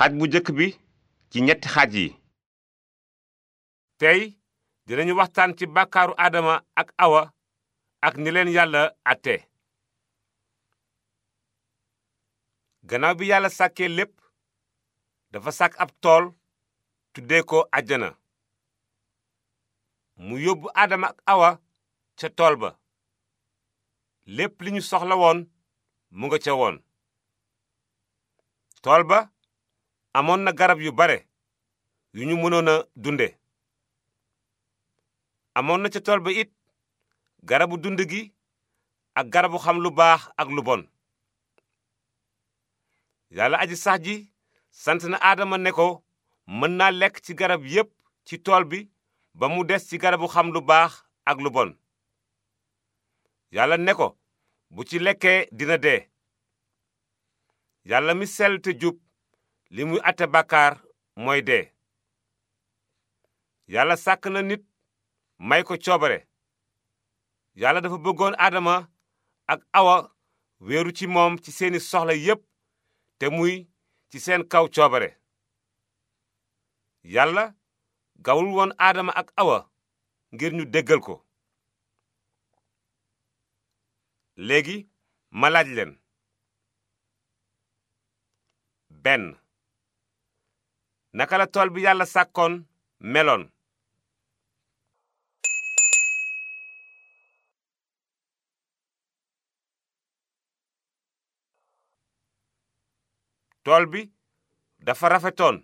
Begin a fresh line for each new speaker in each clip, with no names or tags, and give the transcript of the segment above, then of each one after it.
xaaj bu jëkk bi ci ñetti xaaj yi tey dinañu waxtaan ci bàkkaaru aadama ak awa ak ni leen yàlla atte gannaaw bi yàlla sàkkee lépp dafa sàkk ab tool tuddee ko àjjana mu yóbbu aadama ak awa ca tool ba lépp li ñu soxla woon mu nga ca woon tool ba amoon na garab yu bare yu ñu mënoon a dunde amoon na ca tool ba it garabu dund gi ak garabu xam lu baax ak lu bon yàlla aji sax ji sant na aadama ne ko mën naa lekk ci garab yépp ci tool bi ba mu des ci garabu xam lu baax ak lu bon yàlla ne ko bu ci lekkee dina dee yàlla mi sell te jub li muy àtte bàkkaar mooy dee yàlla sàkk na nit may ko coobare yàlla dafa bëggoon aadama ak awa wéeru ci moom ci seeni soxla yépp te muy ci seen kaw coobare yàlla gawul woon aadama ak awa ngir ñu déggal ko léegi ma laaj leen benn naka la tool bi yàlla sàkkoon meloon tool bi dafa rafetoon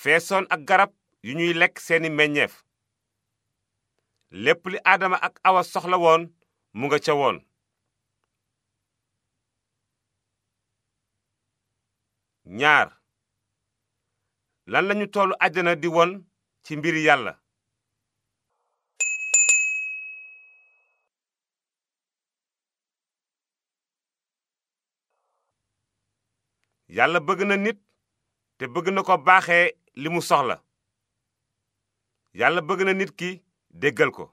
feesoon ak garab yu ñuy lekk seeni meññeef lépp li aadama ak awa soxla woon mu nga ca woon ñaar lan lañu tollu àjjana di won ci mbir yàlla yàlla bëgg na nit te bëgg na ko baaxe li mu soxla yàlla bëgg na nit ki déggal ko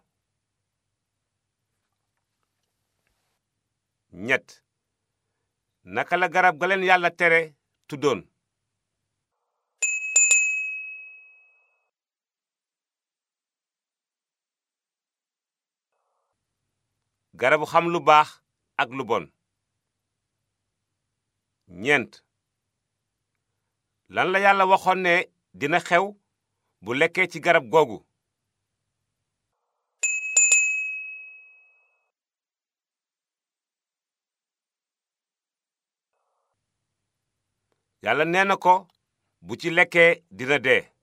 ñett naka la garab ga leen yàlla tere tuddoon garabu xam lu baax ak lu bon ñeent lan la yàlla waxoon ne dina xew bu lekkee ci garab googu yàlla nee na ko bu ci lekkee dina dee